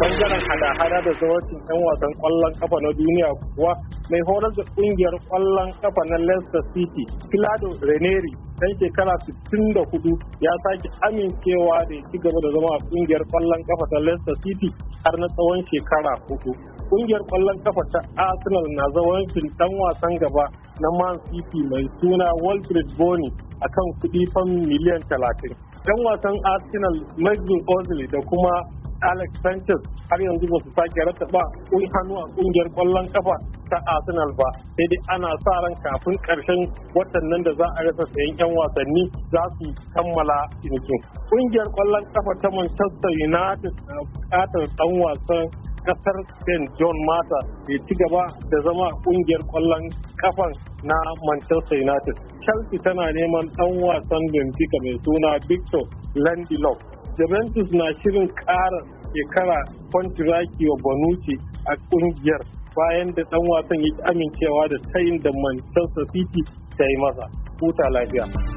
bangaren hada-hada da zawarcin 'yan wasan kwallon kafa na duniya kuwa mai horar da kungiyar kwallon kafa na Leicester City, filado Reneri, dan shekara 64 ya sake amincewa da ya ci gaba da zama a kungiyar kwallon kafa ta Leicester City har na tsawon shekara hudu. Kungiyar kwallon kafa ta Arsenal na zawancin dan wasan gaba na Man City mai suna Walfred Boni a kan kuɗi fam miliyan 30. Dan wasan Arsenal Maxwell Ozil da kuma Alex Sanchez har yanzu ba su sake ba kun hannu a kungiyar kwallon kafa ta Arsenal ba sai dai ana sa ran kafin karshen watan nan da za a rasa sayan yan wasanni za su kammala cinikin. Kungiyar kwallon kafa ta Manchester United na bukatar dan wasan kasar St. John Mata bai ci gaba da zama kungiyar kwallon kafan na Manchester United. Chelsea tana neman dan wasan Benfica mai suna Victor Lindelof Juventus na shirin ƙara shekara kwantiraki wa Bonucci a ƙungiyar bayan da ɗan wasan ya amincewa da tayin da Manchester City ta yi masa. Huta lafiya.